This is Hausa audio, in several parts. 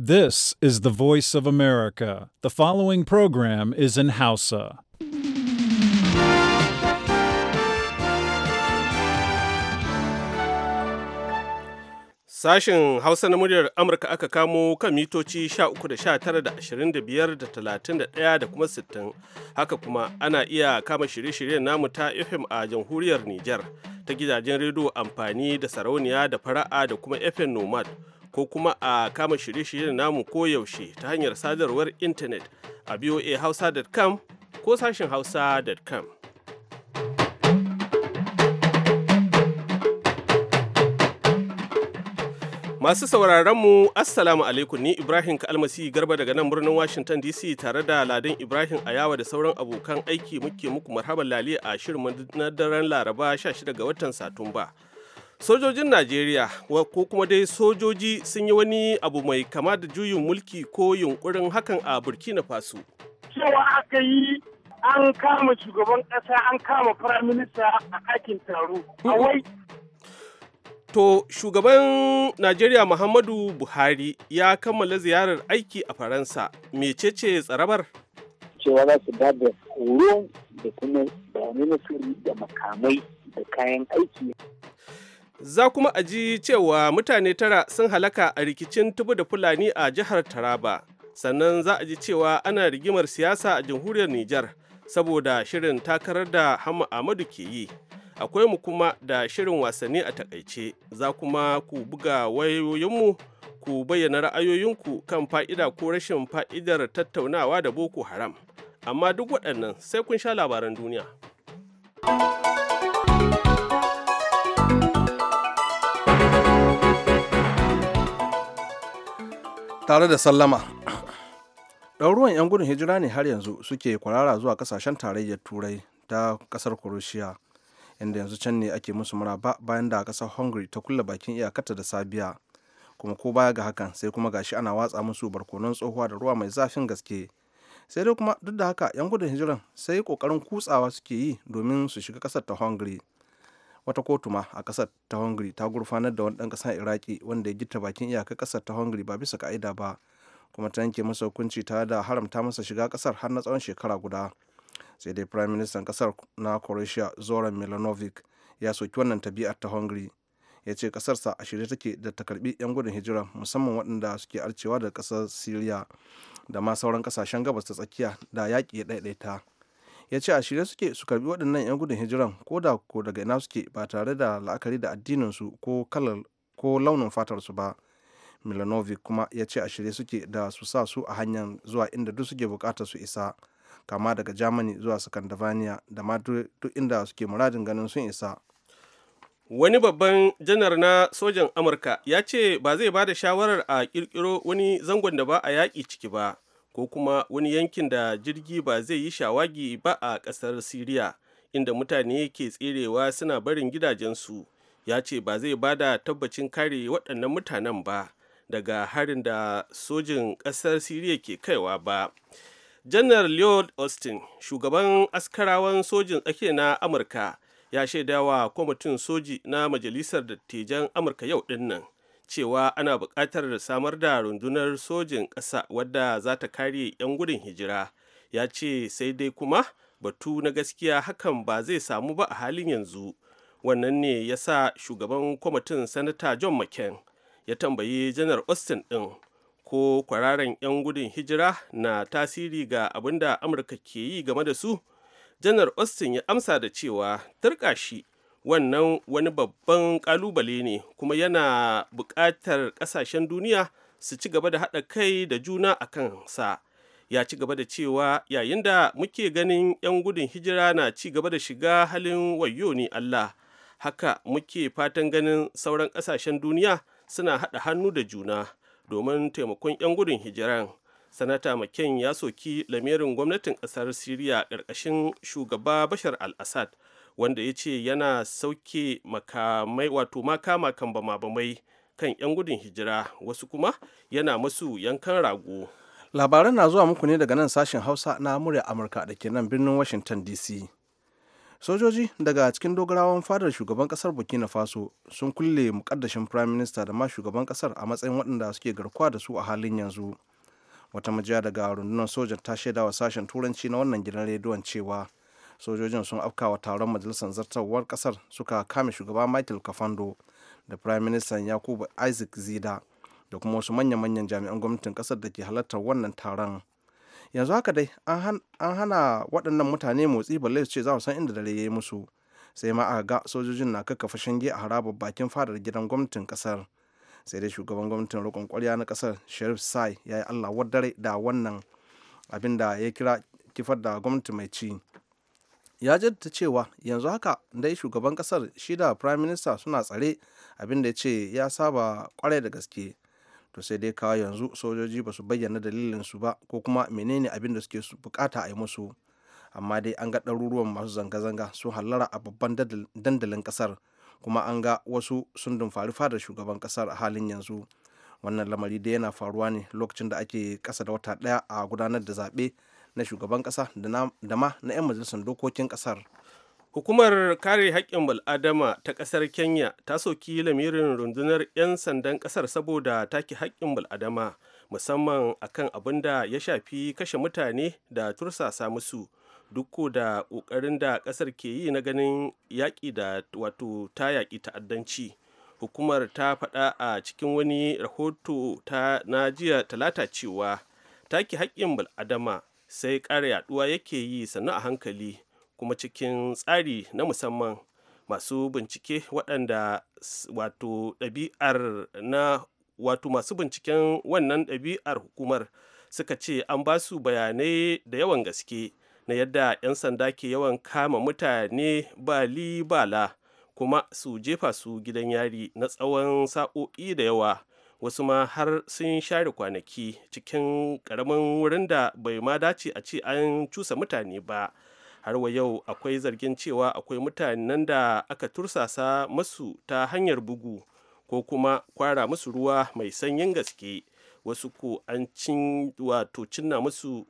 This is the voice of America. The following program is in Hausa. Sashen Hausa na muryar Amurka aka kamo kan mitoci 13 da 25 da 31 da kuma 60. Haka kuma ana iya kama shirye-shiryen namu ta FM a jamhuriyar Nijar ta gidajen rediyo amfani da sarauniya da fara'a da kuma FM Nomad. ko kuma a kama shirye-shiryen namu ko yaushe ta hanyar sadarwar intanet a voahausa.com ko sashen hausa.com. Masu sauraronmu, Assalamu alaikum ni Ibrahim Kalmasi Garba daga nan birnin Washington DC tare da Ladin Ibrahim Ayawa da sauran abokan aiki muke muku marhaban lali a shirin na daren Laraba 16 ga watan Satumba. sojojin najeriya ko kuma dai sojoji sun yi wani abu mai kama da juyin mulki ko yunkurin hakan a burkina faso cewa aka yi an kama shugaban ƙasa an kama firaminista a aikin taro To shugaban Najeriya Muhammadu Buhari ya kammala ziyarar aiki a Faransa, mecece tsarabar? Cewa za su da horo da kuma da makamai da kayan aiki. Za kuma a ji cewa mutane tara sun halaka a rikicin tubu da Fulani a jihar Taraba. Sannan za a ji cewa ana rigimar siyasa a jamhuriyar Nijar saboda shirin takarar da Hamma Ahmadu ke yi. Akwai mu kuma da shirin wasanni a takaice, za kuma ku buga wayoyinmu ku bayyana ra'ayoyinku kan fa'ida ko rashin fa'idar tattaunawa da Boko Haram. Amma duk waɗannan sai kun sha labaran duniya. tare da sallama ɗauruwan 'yan gudun hijira ne har yanzu suke kwarara zuwa kasashen tarayyar turai ta kasar kuroshiya inda yanzu can ne ake musu muraba bayan da kasar hungary ta kulle bakin iyakarta da sabiya kuma ko baya ga hakan sai kuma gashi ana watsa musu barkonon tsohuwa da ruwa mai zafin gaske sai dai kuma duk da haka 'yan gudun hijiran sai kokarin kutsawa suke yi domin su shiga kasar ta hungary wata kotu ma a kasar ta hungary ta gurfanar da wani dan kasar iraki wanda ya gitta bakin iyakar kasar ta hungary ba bisa ka'ida ba kuma ta yanke masa hukunci tare da haramta masa shiga kasar har na tsawon shekara guda sai dai prime minister kasar na croatia zoran milanovic ya soki wannan tabi'ar ta hungary ya ce kasarsa a shirye take da ta karbi yan gudun hijira musamman waɗanda suke arcewa da kasar syria da ma sauran kasashen gabas ta tsakiya da yaƙi ya ɗaiɗaita ya ce a shirye suke su karbi waɗannan 'yan gudun hijiran ko da ko daga ina suke ba tare da la'akari da addininsu ko kalar ko launin fatarsu ba milanovic kuma ya ce a shirye suke da su sa su a hanyar zuwa inda duk suke bukatar su isa kama daga germany zuwa scandinavia da ma duk inda suke muradin ganin sun isa wani babban janar na sojan amurka ya ce ba zai ba da shawarar a kirkiro wani zangon da ba a yaƙi ciki ba ko kuma wani yankin da jirgi ba zai yi shawagi ba a ƙasar siriya inda mutane ke tserewa suna barin gidajensu ya ce ba zai ba da tabbacin kare waɗannan mutanen ba daga harin da sojin ƙasar siriya ke kaiwa ba janar Liod austin shugaban askarawan sojin tsake na amurka ya shaidawa kwamitin soji na majalisar dattijan amurka yau ɗin nan cewa ana buƙatar samar da rundunar sojin ƙasa wadda za ta kare 'yan gudun hijira ya ce sai dai kuma batu na gaskiya hakan ba zai samu ba a halin yanzu wannan ne ya sa shugaban kwamitin sanata john mccain ya tambayi janar austin ɗin ko kwararan 'yan gudun hijira na tasiri ga abin da amurka ke yi game da su janar austin ya amsa da cewa turka shi wannan wani babban kalubale ne kuma yana buƙatar ƙasashen duniya su ci gaba da haɗa kai da juna a kansa ya ci gaba da cewa yayin da muke ganin 'yan gudun hijira na ci gaba da shiga halin wayo ne allah haka muke fatan ganin sauran ƙasashen duniya suna haɗa hannu da juna domin taimakon 'yan gudun hijiran sanata maken ya soki lamirin gwamnatin ƙasar siriya ƙarƙashin shugaba bashar al-assad wanda ya ce yana sauke makamai wato makama kan bama-bamai kan 'yan gudun hijira wasu kuma yana masu yankan rago labaran na zuwa muku ne daga nan sashen hausa na murya amurka da ke nan birnin washington dc sojoji daga cikin dogarawan fadar shugaban kasar burkina faso sun kulle mukaddashin prime minister da ma shugaban kasar a matsayin waɗanda suke garkuwa da su a halin yanzu wata majiya daga rundunar sojan ta shaidawa sashen turanci na wannan gidan rediyon cewa sojojin sun afkawa taron majalisar zartarwar kasar suka kame shugaba michael kafando da prime minister yakubu isaac zida da kuma wasu manya-manyan jami'an gwamnatin kasar da ke halartar wannan taron yanzu haka dai an hana waɗannan mutane motsi balle su ce za su san inda dare ya yi musu sai ma aka ga sojojin na kakkafa shinge a harabar bakin fadar gidan gwamnatin kasar sai dai shugaban gwamnatin roƙon kwarya na kasar sheriff sai ya yi allah dare da wannan abin da ya kira kifar da gwamnati mai ci ya jaddada cewa yanzu haka dai shugaban kasar shi da prime minister suna tsare abin da ya ce ya saba kwarai da gaske to sai dai kawo yanzu sojoji ba su bayyana dalilin su ba ko kuma menene abin da suke bukata a yi musu amma dai an ga ɗaruruwan masu zanga-zanga sun hallara a babban dandalin kasar kuma an ga wasu sun dumfari fadar shugaban kasar a halin yanzu wannan lamari dai yana faruwa ne lokacin da ake kasa da wata ɗaya a gudanar da zaɓe na shugaban ƙasa da ma na 'yan majalisar dokokin ƙasar. Hukumar kare haƙƙin bal'adama ta ƙasar Kenya ta soki lamirin rundunar 'yan sandan ƙasar saboda take haƙƙin bal'adama musamman akan abin da ya shafi kashe mutane da tursasa musu duk da ƙoƙarin da ƙasar ke yi na ganin yaƙi da wato ta yaƙi ta'addanci. Hukumar ta faɗa a cikin wani rahoto ta na jiya talata cewa take haƙƙin bal'adama sai ƙara yaduwa yake yi sannu a hankali kuma cikin tsari na musamman masu bincike waɗanda wato ɗabi'ar na wato masu binciken wannan ɗabi'ar hukumar suka ce an ba su bayanai da yawan gaske na yadda 'yan sanda ke yawan kama mutane ba libala bala kuma su jefa su gidan yari na tsawon sa'o'i da yawa wasu ma har sun share kwanaki cikin ƙaramin wurin da bai ma dace a ce an cusa mutane ba har wa yau akwai zargin cewa akwai mutanen da aka tursasa masu ta hanyar bugu ko kuma kwara musu ruwa mai sanyin gaske wasu ko an cin wato cinna musu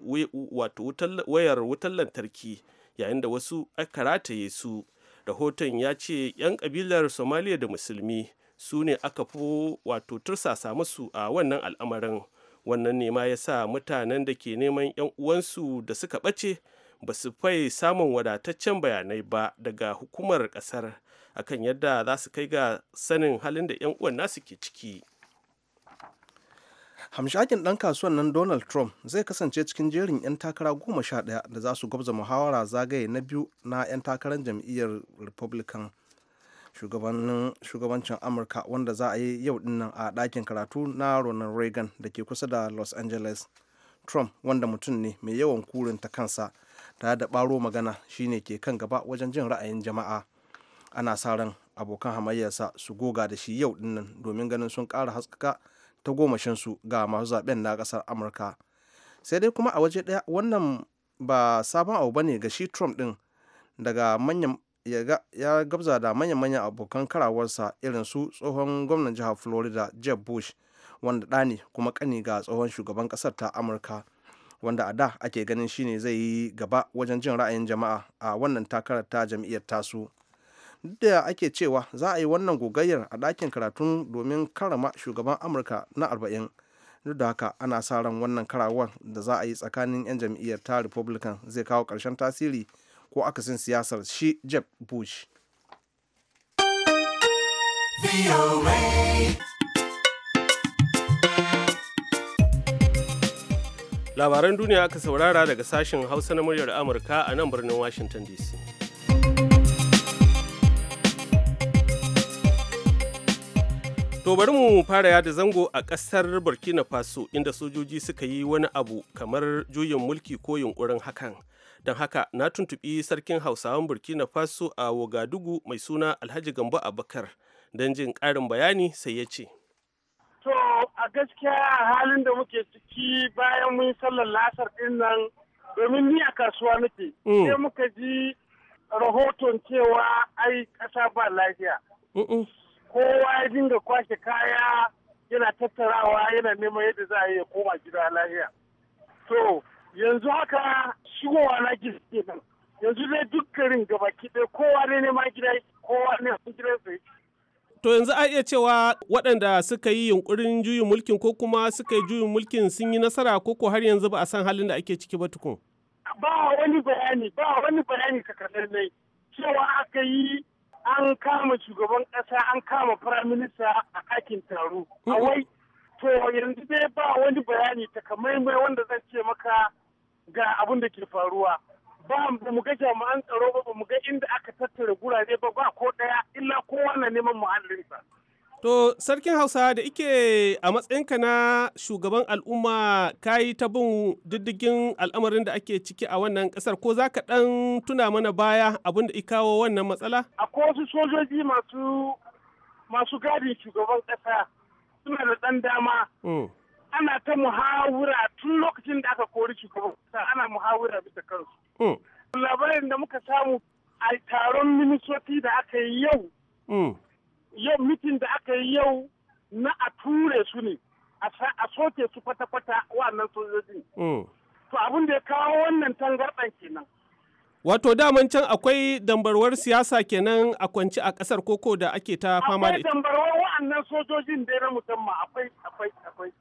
wato wayar wutar lantarki yayin da wasu aka rataye su rahoton ya ce 'yan kabilar somaliya da musulmi su ne aka fi wato tursasa musu a wannan al'amarin wannan ne ma ya sa mutanen da ke neman 'yan uwansu da suka ɓace ba su fai samun wadataccen bayanai ba daga hukumar ƙasar akan yadda za su kai ga sanin halin da 'yan uwan nasu ke ciki hamshakin ɗan kasuwan nan donald trump zai kasance cikin jerin 'yan takara goma sha ɗaya da za su gwabza muhawara zagaye na biyu na 'yan takarar jam'iyyar republican shugabancin amurka wanda za a yi yau dinnan a ɗakin karatu na ronald reagan da ke kusa da los angeles trump wanda mutum ne mai yawan kurin ta kansa tare da ɓaro magana shine ke kan gaba wajen jin ra'ayin jama'a ana sa ran abokan hamayyarsa su goga da shi yau dinnan domin ganin sun kara haskaka ta gomashinsu ga masu zaben na ƙasar amurka sai dai kuma a waje ɗaya wannan ba sabon abu ne ga shi trump ɗin daga manyan ya gabza da manya-manyan abokan karawarsa irin su tsohon gwamnan jihar florida jeb bush wanda ɗa ne kuma ƙani ga tsohon shugaban ƙasar ta amurka wanda a da ake ganin shine zai yi gaba wajen jin ra'ayin jama'a a wannan takarar ta jam'iyyar tasu duk da ake cewa za a yi wannan gogayyar a ɗakin karatun domin karama shugaban amurka na arba'in duk da haka ana sa ran wannan karawar da za a yi tsakanin 'yan jam'iyyar ta republican zai kawo ƙarshen tasiri ko akasin siyasar shi jeb bush labaran duniya aka saurara daga sashen hausa na muryar amurka a nan birnin washington dc To bari mu fara yada zango a ƙasar Burkina Faso inda sojoji suka yi wani abu kamar juyin mulki ko yunkurin hakan don haka na tuntubi sarkin hausawan burkina faso a wogadugu mai suna alhaji gambo abakar don jin karin bayani sai ya ce to a gaskiya halin da muke ciki bayan mun sallar lasar din nan domin ni a kasuwa nake mm. sai muka ji rahoton cewa ai ƙasa ba lafiya kowa ya dinga kwashe kaya yana tattarawa yana neman yadda za a yi ya koma gida lafiya to yanzu haka shigowa na gida nan yanzu dai duk garin gabaki ɗaya kowa ne ma gida kowa ne gidan sai To yanzu a iya cewa waɗanda suka yi yunkurin juyin mulkin ko kuma suka yi juyin mulkin sun yi nasara ko ko har yanzu ba a san halin da ake ciki ba tukun? Ba wani bayani, ba wani bayani takardar Cewa aka yi an kama shugaban ƙasa an kama firaminista a ɗakin taro. A wai, to yanzu dai ba wani bayani mai wanda zan ce maka ga abin da ke faruwa ba mu ga jami'an tsaro ba mu ga inda aka tattara gurare ba ba ko daya illa ko wannan neman muhallinsa To sarkin Hausa da ike a matsayin ka na shugaban al'umma ka yi ta bin diddigin al'amarin da ake ciki a wannan kasar ko za ka ɗan tuna mana baya abin da kawo wannan matsala? Akwai wasu sojoji masu gadin shugaban ƙasa suna da ɗan dama. Hmm. ana ta muhawura tun lokacin da aka kori shugaban kasa ana muhawura bisa kansu. Mm. Labarin da muka samu a taron ministoci da aka yi yau, mm. yau mitin da aka yi yau na a ture su ne, a soke su kwata-kwata wannan sojojin. Mm. To abin da ya kawo wannan tangarɗan kenan. Wato daman can akwai dambarwar siyasa kenan a kwanci a ƙasar koko da ake ta fama da ita. Akwai dambarwar wa'annan sojojin da na musamman akwai akwai akwai.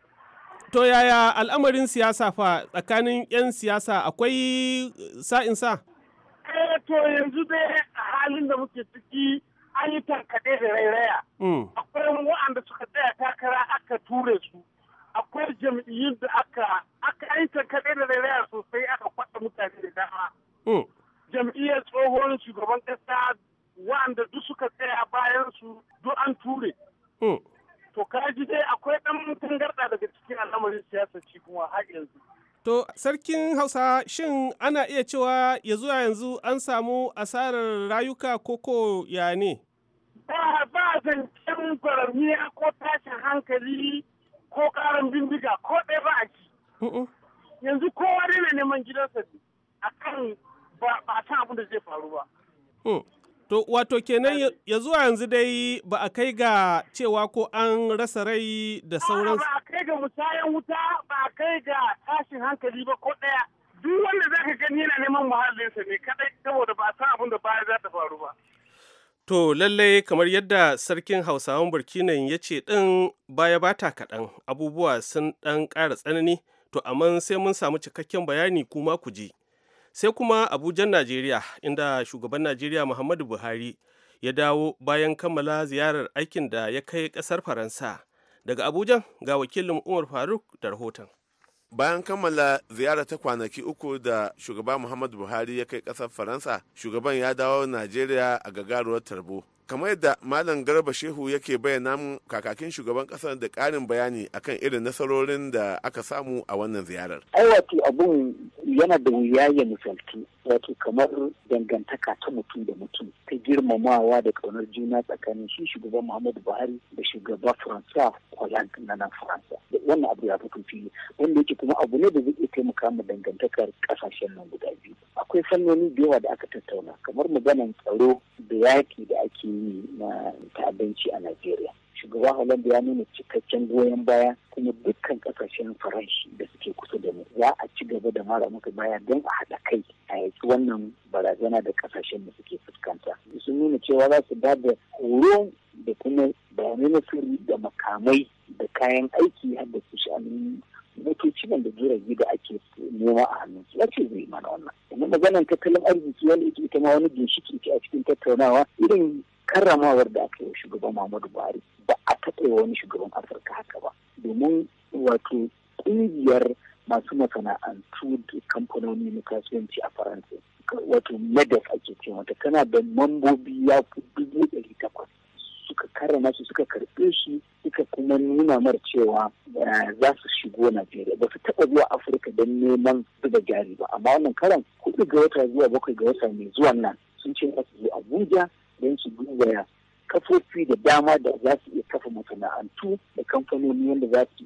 To yaya al'amarin siyasa fa tsakanin 'yan siyasa akwai sa'in sa'insa? Eh to yanzu dai a halin da muke ciki an yi tankaɗe da rairaya. Hmm. Akwai wa'anda suka tsaya takara aka ture su. Akwai jam'iyyun da aka aka yi tankaɗe da rairaya sosai aka kwaɗa mutane da dama. Hmm. Jam'iyyar tsohon shugaban ƙasa wa'anda duk suka tsaya bayan su duk an ture. Hmm. to kaji dai akwai ɗan garɗa daga cikin al'amarin siyasa ci kuma har yanzu. To sarkin Hausa shin ana iya cewa ya zuwa yanzu an samu asarar rayuka koko ya ne? Ba ba zancen gwararmiya ko tashin hankali ko karin bindiga ko ɗaya ba a ci. Yanzu kowa ne neman gidansa a kan ba a san abin da zai faru ba. Mm. To wato kenan ya zuwa yanzu dai ba a kai ga cewa ko an rasa rai da sauran. Ba a kai ga musayan wuta ba a kai ga tashin hankali ba ko ɗaya. Duk wanda za ka gani yana neman muhallinsa ne kadai saboda ba a san abin da baya za ta faru ba. To lallai kamar yadda sarkin Hausawan Burkina ya ce ɗin baya ba ta kaɗan abubuwa sun ɗan ƙara tsanani to amma sai mun samu cikakken bayani kuma ku je. sai kuma abujan najeriya inda shugaban najeriya muhammadu buhari ya dawo bayan kammala ziyarar aikin da ya kai kasar faransa daga abujan ga wakilin umar faruk da rahoton bayan kammala ziyara ta kwanaki uku da shugaba muhammadu buhari ya kai kasar faransa shugaban ya dawo najeriya a gagaruwar tarbo kamar yadda malam garba shehu yake bayyana mu kakakin shugaban kasar da karin bayani akan irin nasarorin da aka samu a wannan ziyarar Aiwatu abun yana da wuya ya misalci wato kamar dangantaka ta mutum da mutum ta girmamawa da ƙaunar juna tsakanin shi shugaban muhammadu buhari da shugaba faransa kwalan na nan faransa wannan abu ya fito fili wanda yake kuma abu ne da zai iya taimaka mu dangantakar kasashen nan guda biyu akwai fannoni da yawa da aka tattauna kamar maganan tsaro da yaƙi da ake yi na ta'addanci a Najeriya shugaba Holanda ya nuna cikakken goyon baya kuma dukkan kasashen faranshi da suke kusa da mu za a ci gaba da mara muka baya don a haɗa kai a yaki wannan barazana da kasashen da suke fuskanta sun nuna cewa za su ba da horo da kuma bayanai na da makamai kayan aiki har da su sha'anin motoci nan da jirage gida ake noma a hannun su ce zai mana wannan amma maganar tattalin arziki wani ita ita ma wani ginshiki ce a cikin tattaunawa irin karramawar da aka yi shugaban Muhammadu Buhari ba a taɓa wani shugaban Afirka haka ba domin wato ƙungiyar masu masana'antu da kamfanoni na kasuwanci a Faransa wato MEDEF ake ce mata tana da mambobi ya fi dubu ɗari takwas suka karrama su suka karɓe shi suka kuma nuna mar cewa eh, za su shigo Najeriya ba su taɓa zuwa Afirka don neman zuba jari ba amma wannan karan kuɗi ga wata zuwa bakwai ga wata mai zuwan nan sun ce za su zo Abuja don su duba kafofi da dama da za su iya kafa masana'antu da kamfanoni wanda za su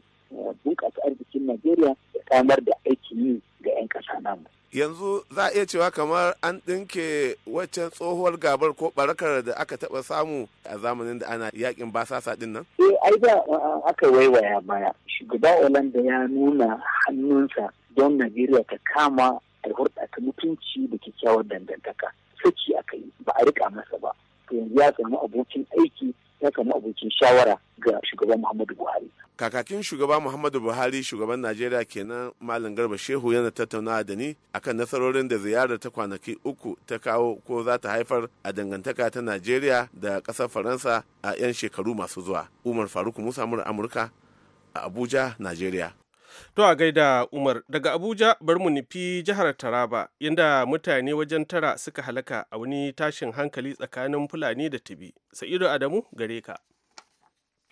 bunƙasa arzikin Najeriya da samar da aikin yi ga 'yan ƙasa namu. Yanzu za a iya cewa kamar an ɗinke waccan tsohuwar gabar ko barakar da aka taɓa samu a zamanin da ana yakin basasa ɗin nan? Eh, ai da aka waiwaya baya. Shugaba Olanda ya nuna hannunsa don Najeriya ta kama a mutunci da kyakkyawar dangantaka. Saki aka yi, ba a riƙa masa ba. yanzu ya samu abokin aiki ya samu abokin shawara ga shugaban Muhammadu Buhari. Kakakin shugaba Muhammadu Buhari shugaban Najeriya kenan Malam Garba Shehu yana tattaunawa da ni akan nasarorin da ziyarar ta kwanaki uku ta kawo ko za ta haifar a dangantaka ta Najeriya da ƙasar Faransa a 'yan shekaru masu zuwa. Umar Faruk Musa Amurka a Abuja, Najeriya. To a gaida Umar daga Abuja bar mu nufi jihar Taraba yadda mutane wajen tara suka halaka a wani tashin hankali tsakanin Fulani da Tibi. Sa'ido Adamu gare ka.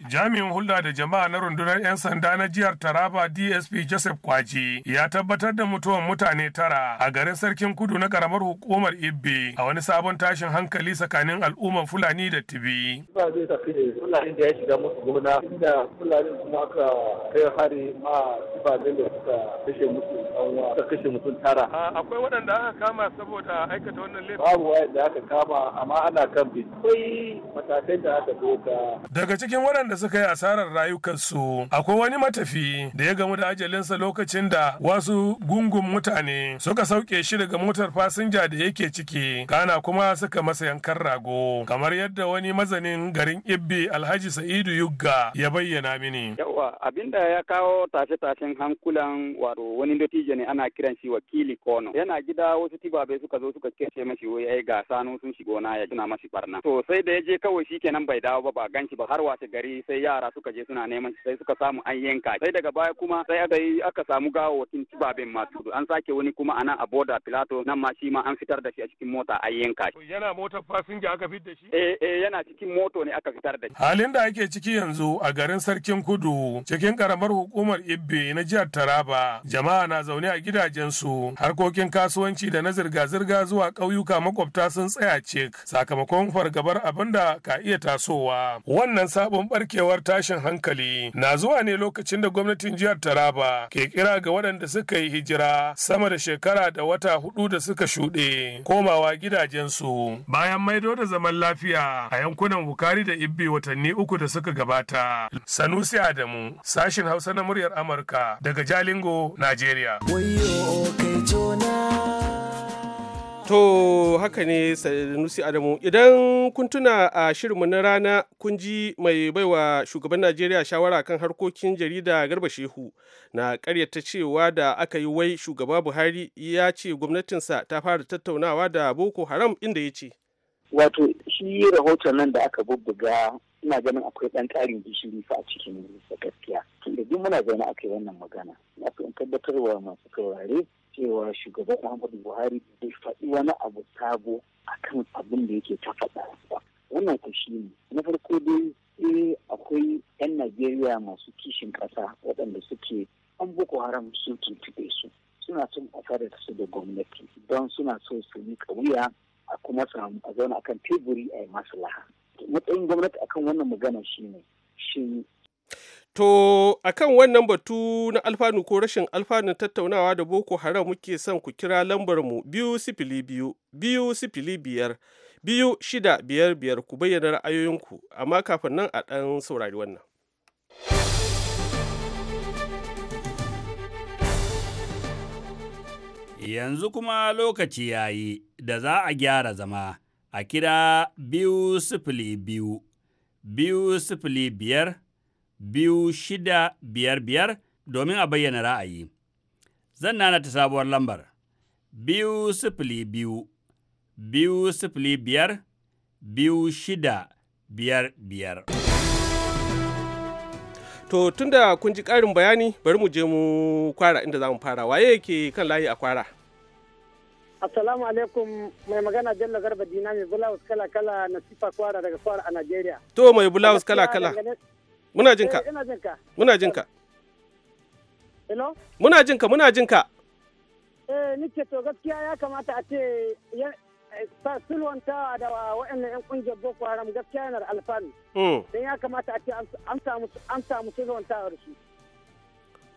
Jami'in hulɗa da jama'a na rundunar 'yan sanda na jihar Taraba DSP Joseph Kwaji ya tabbatar da mutuwar mutane tara a garin Sarkin Kudu na ƙaramar hukumar Ibbe a wani sabon tashin hankali tsakanin al'ummar Fulani da Tibi. Ba zai tafi Fulani da ya shiga musu gona inda Fulani kuma aka kai hari ma Fulani da suka kashe musu suka kashe mutum tara. Akwai waɗanda aka kama saboda aikata wannan laifin. Babu waɗanda aka kama amma ana kan bi. Akwai matakai da aka doka. Daga cikin waɗanda waɗanda suka yi asarar rayukansu akwai wani matafi da ya gamu da ajalinsa lokacin da wasu gungun mutane suka sauke shi daga motar fasinja da yake ciki kana kuma suka masa yankan rago kamar yadda wani mazanin garin ibbi alhaji sa'idu yugga ya bayyana mini yawa abinda ya kawo tashe-tashen hankulan wato wani dattijo ne ana kiran shi wakili kono yana gida wasu tibabe suka zo suka kace mashi wai ai ga sanu sun shigo na ya gina mashi barna to sai da ya je kawai shi kenan bai dawo ba ba ganci ba har wace gari sai yara suka je suna neman sai suka samu an yanka sai daga baya kuma sai aka yi aka samu gawawakin baben masu an sake wani kuma anan a boda filato nan ma shi ma an fitar da shi a cikin mota an yanka shi yana motar fasinja aka fitar da shi eh eh yana cikin moto ne aka fitar da shi halin da ake ciki yanzu a garin sarkin kudu cikin karamar hukumar ibbe na jihar taraba jama'a na zaune a gidajen su. harkokin kasuwanci da na zirga-zirga zuwa ƙauyuka makwabta sun tsaya cik sakamakon fargabar abinda ka iya tasowa wannan sabon barke barkewar tashin hankali na zuwa ne lokacin da gwamnatin jihar Taraba ke kira ga waɗanda suka yi hijira sama da shekara da wata hudu da suka shuɗe komawa gidajensu. Bayan maido da zaman lafiya a yankunan Bukari da Ibbi watanni uku da suka gabata. Sanusi Adamu, sashin Hausa na muryar Amurka daga Jalingo, Najeriya. To haka ne Sanusi Adamu idan kun tuna a shirinmu na rana kun ji mai baiwa shugaban Najeriya shawara kan harkokin jarida Garba Shehu na karyata cewa da aka yi wai shugaba Buhari ya ce gwamnatinsa ta fara tattaunawa da Boko Haram inda ya ce. Wato shi rahoton nan da aka bubbuga ina ganin akwai dan ƙarin gishiri fa a cikin gaskiya. Tunda duk muna zaune a kai wannan magana. Na fi tabbatarwa masu saurare cewa shugaban Muhammadu Buhari bai faɗi wani abu sabo akan abin da yake ta faɗa Wannan ku shi ne. Na farko dai sai eh, akwai 'yan Najeriya masu kishin ƙasa waɗanda suke an Boko Haram sun tuntuɓe su. Suna son a da su da gwamnati don suna so su yi ƙauya a kuma samu a zauna akan teburi a yi maslaha. Matsayin gwamnati akan wannan magana shi ne. Shin To, a kan wannan batu na alfanu ko rashin alfanun tattaunawa da Boko Haram muke son ku kira lambarmu biyu sifili biyu, biyu sifili biyar, biyu shida biyar biyar ku bayyana ra'ayoyinku, amma kafin nan a ɗan saurari wannan. Yanzu kuma lokaci ya yi da za a gyara zama a kira biyu sifili biyu, biyu sifili biyar, biyu shida biyar biyar domin a bayyana ra'ayi. Zan nana ta sabuwar lambar biyu sifili biyu, biyu sifili biyar, biyu shida biyar biyar. To tunda kun ji ƙarin bayani bari mu je mu kwara inda za mu fara waye yake kan layi a kwara. Assalamu alaikum mai magana Bello Garba Dina mai bulawus kala kala na sifa kwara daga kwara a Najeriya. To mai bulawus kala kala. Muna jinka eh, Muna jinka Hello? Muna jinka muna jinka ka. Eh, nike to gaskiya ya kamata a ce ya eh, sulwantawa da waɗannan 'yan ƙungiyar Boko Haram gaskiya yanar da alfanu. Hmm. Don ya kamata a ce an samu an sulwantawa da shi.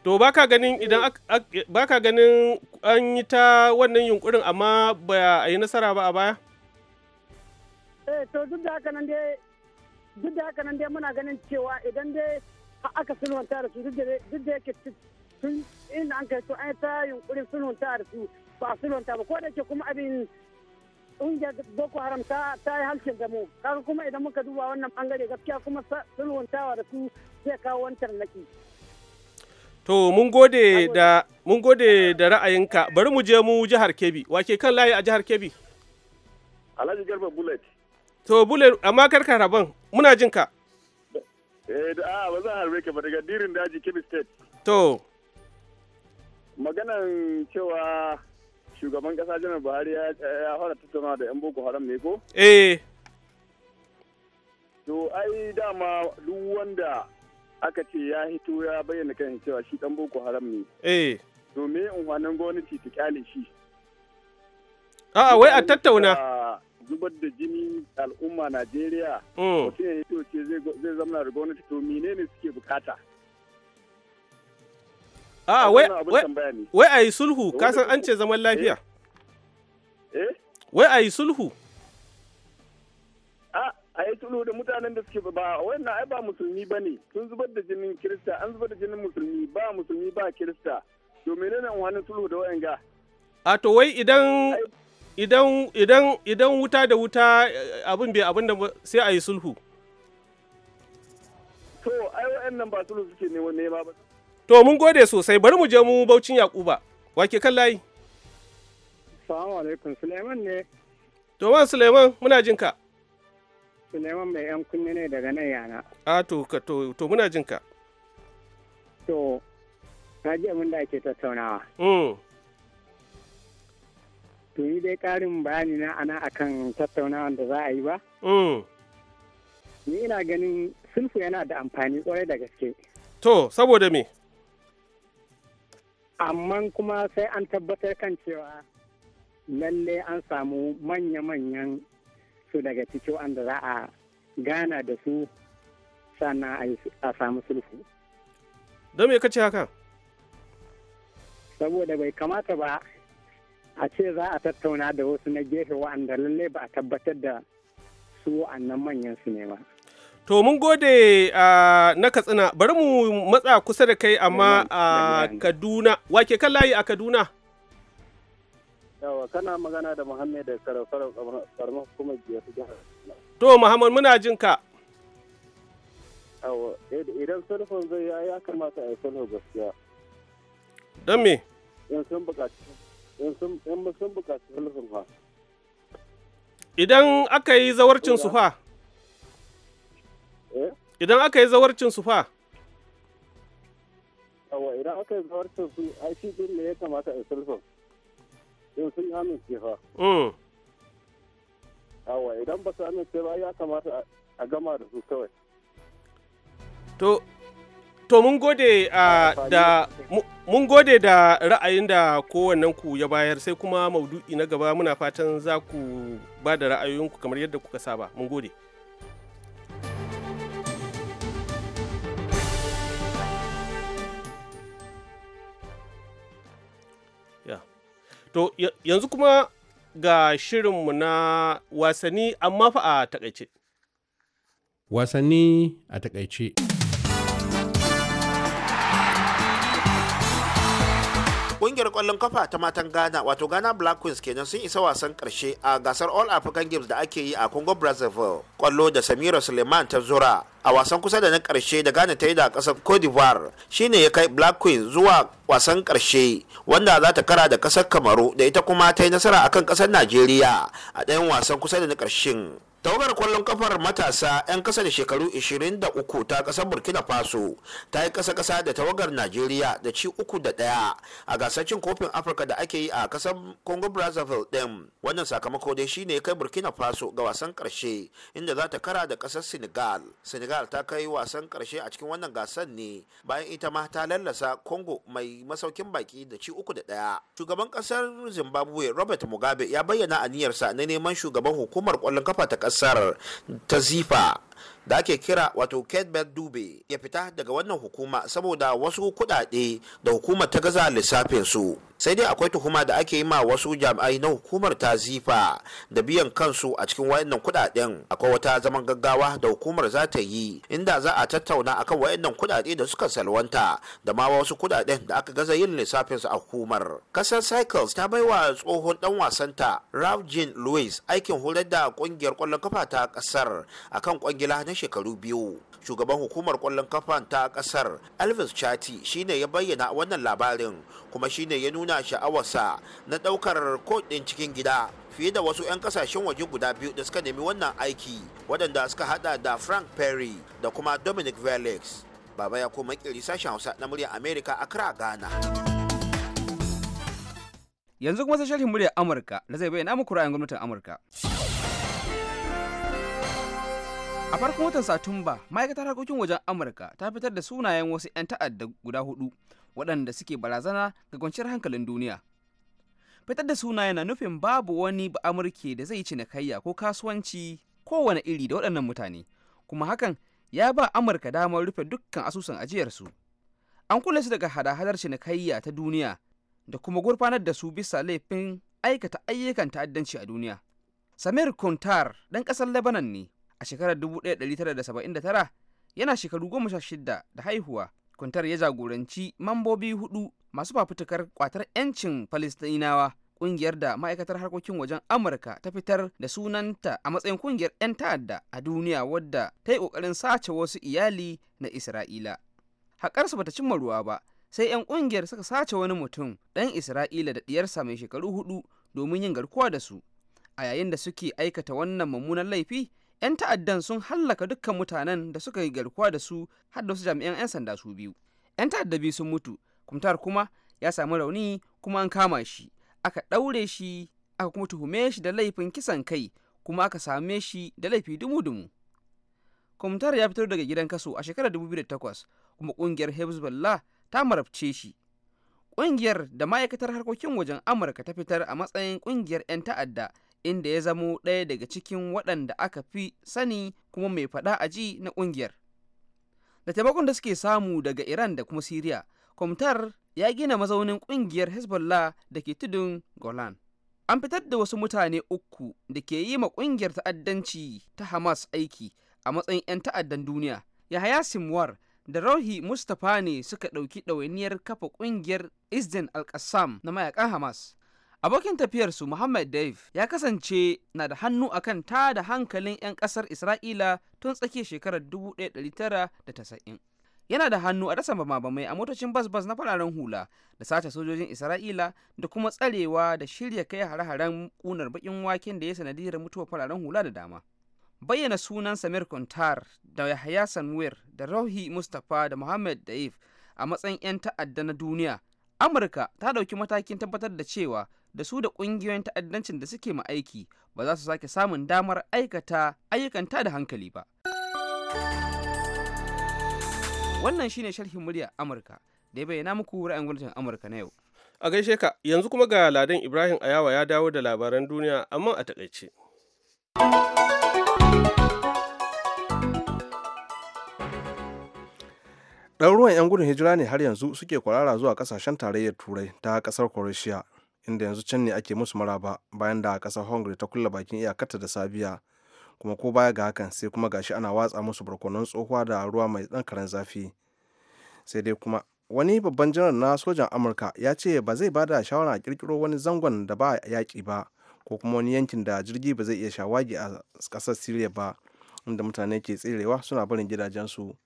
To baka ganin idan baka ganin an yi ta wannan yunkurin amma ba a yi nasara ba a baya? Eh to duk da haka nan dai duk da haka nan dai muna ganin cewa idan dai aka sulhunta da su duk da yake tun inda an kai su an ta yunkurin sulhunta da su ba a sulhunta ba ko da yake kuma abin ƙungiyar boko haram ta yi halcin gamo kaga kuma idan muka duba wannan bangare gaskiya kuma sulhuntawa da su zai kawo wancan naki. To mun gode da mun gode da ra'ayinka bari mu je mu jihar Kebbi wake kan layi a jihar Kebbi. Alhaji Garba Bullet. To Bullet amma karka rabon muna jin ka eh da a ah, ba zan harbe ka ba daga dirin daji Kebbi State to maganan cewa shugaban kasa janar Buhari ya fara tattauna da yan Boko Haram ne ko eh to ai dama duk wanda aka ce ya hito ya bayyana kan cewa shi dan boko haram ne eh domin unhwanin gwamnati ta kyale shi a'a wai a tattauna zubar da jini al'umma Najeriya. Oh. Mutum ya hito ce zai zama da gwamnati to menene suke bukata? Ah, a wai a yi sulhu kasan an ce zaman eh? lafiya. Eh? Wai a yi sulhu. Ah, a yi sulhu da mutanen da suke ba wannan ai ba musulmi ba ne sun zubar da jinin kirista an zubar da jinin musulmi ba musulmi ba kirista to menene wani sulhu da wayan a ah, to wai idan idan wuta da wuta eh, abin bai abin da sai a yi sulhu to ai nan ba sulhu suke ne wanne ba to mun gode sosai bari mu je mu Baucin Yakuba wake kan layi Assalamu alaikum Suleiman ne to man Suleiman muna jin ka Suleiman mai yan kunne ne daga nan yana a to to to muna jin ka to na ji mun da ake tattaunawa mm to ni dai ƙarin bayani na ana akan tattaunawan da za a yi ba mm. ni ina ganin sulfu yana da amfani kwarai da gaske to saboda me amma kuma sai an tabbatar kan cewa lalle an samu manya-manyan su daga cikin wanda za a gana da su sannan a samu sulhu. Don me ka ce haka? Saboda bai kamata ba a ce za a tattauna da wasu na gefe wa'anda lalle ba a tabbatar da su wa'annan manyan su ne ba. To mun gode a na Katsina bari mu matsa kusa da kai amma a Kaduna wake kan layi a Kaduna. Yawa kana magana da Muhammad da Karafar Karmar kuma jihar jihar. To Muhammad muna jin ka. Yawa eh, idan sulhun zai ya kamata a yi sulhu gaskiya. Don me? In sun buƙaci in sun bukaci sulhun fa idan aka yi zawarcin su fa eh? idan aka yi zawarcin su fa yawa idan aka yi zawarcin su ai shi din ne ya kamata in sulhun in sun amince fa mm. yawa idan ba su amince ba ya kamata a gama da su kawai to To mun gode ah, da mun gode da ra'ayin da kowannen ku ya bayar sai kuma maudu'i na gaba muna fatan za ku ba da ra'ayoyinku kamar yadda kuka saba. Mun gode. To yanzu kuma ga shirinmu na wasanni amma fa a takaice. Wasanni a takaice. Kungiyar kwallon kafa ta matan Ghana wato Ghana Black Queens kenan sun isa wasan karshe a gasar All African Games da ake yi a Congo Brazzaville. Kwallo da Samira Suleiman ta zura a wasan kusa da na karshe da Ghana ta yi da kasar Cote d'Ivoire shine ya kai Black Queen zuwa wasan karshe wanda za ta kara da kasar Kamaru da ita kuma ta yi nasara akan kasar Najeriya a ɗayan wasan kusa da na karshen. tawagar kwallon kafar matasa 'yan kasa da shekaru 23 ta kasar burkina faso ta yi kasa kasa da tawagar najeriya da ci uku da daya a gasar cin kofin afirka da ake yi a kasar congo brazzaville din wannan sakamako dai shine kai burkina faso ga wasan karshe inda za ta kara da kasar senegal senegal ta kai wasan karshe a cikin wannan gasar ne bayan ita ma ta lallasa congo mai masaukin baki da ci uku da daya shugaban kasar zimbabwe robert mugabe ya bayyana aniyarsa na neman shugaban hukumar kwallon kafa ta ƙasar ta zifa da ake kira wato Kedbert Dube ya fita daga wannan hukuma saboda wasu kuɗaɗe da hukumar ta gaza lissafin su. Sai dai akwai tuhuma da ake yi ma wasu jami'ai na hukumar ta zifa da biyan kansu a cikin wayannan kuɗaɗen. Akwai wata zaman gaggawa da hukumar za ta yi inda za a tattauna akan wayannan kuɗaɗe da suka salwanta da ma wasu kuɗaɗen da aka gaza yin lissafin su a hukumar. Kasar Cycles ta baiwa tsohon dan wasanta Ralph Jean Louis aikin horar da ƙungiyar kwallon kafa ta kasar akan kwangila na shekaru biyu shugaban hukumar kwallon kafan ta kasar elvis chati shine ya bayyana wannan labarin kuma shine ya nuna sha'awarsa na daukar kodin cikin gida fiye da wasu 'yan kasashen waje guda biyu da suka nemi wannan aiki waɗanda suka hada da frank perry da kuma dominic velix baba ya kuma kiri sashen hausa na murya america kira ghana yanzu kuma sashen sharhin muryar amurka na zai bayyana muku ra'ayin gwamnatin amurka a farkon watan satumba ma'aikatar harkokin wajen amurka ta fitar da sunayen wasu 'yan ta'adda guda hudu waɗanda suke barazana ga kwanciyar hankalin duniya fitar da sunayen na nufin babu wani ba amurke da zai cinikayya ko kasuwanci kowane iri da waɗannan mutane kuma hakan ya ba amurka damar rufe dukkan asusun ajiyarsu an kula su daga hada-hadar cinikayya ta duniya da kuma gurfanar da su bisa laifin aikata ayyukan ta'addanci a duniya samir kuntar ɗan ƙasar lebanon ne a shekarar 1979 yana shekaru goma sha shida da haihuwa kuntar ya jagoranci mambobi hudu masu fafutukar kwatar 'yancin falistinawa kungiyar da ma'aikatar harkokin wajen amurka ta fitar da sunanta a matsayin kungiyar 'yan ta'adda a duniya wadda ta yi kokarin sace wasu iyali na isra'ila haƙarsu bata cimma ruwa ba sai 'yan kungiyar suka sace wani mutum ɗan isra'ila da ɗiyarsa mai shekaru hudu domin yin garkuwa da su a yayin da suke aikata wannan mummunan laifi 'yan ta'addan sun hallaka dukkan mutanen da suka yi garkuwa da su har da wasu jami'an 'yan sanda su biyu 'yan ta'adda biyu sun mutu kumtar kuma ya samu rauni kuma an kama shi aka ɗaure shi aka kuma tuhume shi da laifin kisan kai kuma aka same shi da laifi dumu-dumu kumtar ya fitar daga gidan kaso a shekarar 2008 kuma ƙungiyar hezbollah ta marabce shi ƙungiyar da ma'aikatar harkokin wajen amurka ta fitar a matsayin ƙungiyar 'yan ta'adda inda ya zamo ɗaya daga cikin waɗanda aka fi sani kuma mai faɗa a ji na ƙungiyar. Da taimakon da suke samu daga Iran da kuma Siriya, Kwamtar ya gina mazaunin ƙungiyar Hezbollah da ke tudun Golan. An fitar da wasu mutane uku da ke yi ma ƙungiyar ta'addanci ta Hamas aiki a matsayin 'yan ta'addan duniya. Yahaya Simwar da Rauhi Mustapha ne suka ɗauki ɗawainiyar kafa ƙungiyar Isdin al na mayakan Hamas. Abokin tafiyarsu Muhammad Dave ya kasance na da hannu akan ta da hankalin 'yan kasar Isra'ila tun tsakiyar shekarar 1990. Yana da hannu a dasa bamabamai a motocin bas-bas na fararen hula da sace sojojin Isra'ila da kuma tsarewa da shirya kai hare-haren kunar bakin waken da ya sanadiyar mutuwar fararen hula da dama. Bayyana sunan Samir Kuntar da Yahya Sanwir da Rauhi Mustapha da Muhammad Daif a matsayin 'yan ta'adda na duniya. Amurka ta ɗauki matakin tabbatar da cewa da su da ƙungiyoyin ta'addancin da suke ma aiki ba za su sake samun damar aikata ayyukanta da hankali ba. Wannan shine sharhin murya Amurka da ya bayyana muku ra'ayin gwamnatin Amurka na yau. A gaishe ka yanzu kuma ga Ladan Ibrahim Ayawa ya dawo da labaran duniya amma a takaice. ɗan ruwan 'yan gudun hijira ne har yanzu suke kwarara zuwa kasashen tarayyar turai ta kasar croatia inda yanzu can ne ake musu maraba bayan da kasar hungary ta kulle bakin iyakarta da sabiya kuma ko baya ga hakan sai kuma gashi ana watsa musu barkonon tsohuwa da ruwa mai ɗan karen zafi sai dai kuma wani babban janar na sojan amurka ya ce ba zai bada shawara a kirkiro wani zangon da ba yaƙi ba ko kuma wani yankin da jirgi ba zai iya shawagi a kasar siriya ba inda mutane ke tserewa suna barin gidajensu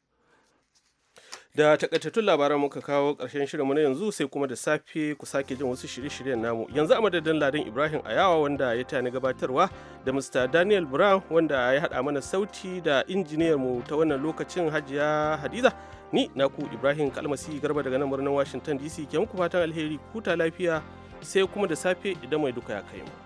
da takaitattun labaran muka kawo ƙarshen shirinmu na yanzu sai kuma da safe ku sake jin wasu shirye-shiryen namu yanzu a madadin ladin ibrahim ayawa wanda ya tani gabatarwa da mr daniel brown wanda ya haɗa mana sauti da injiniyar mu ta wannan lokacin hajiya hadiza ni naku ibrahim kalmasi garba daga nan birnin washington dc ke muku fatan alheri kuta lafiya sai kuma da safe idan mai duka ya kai mu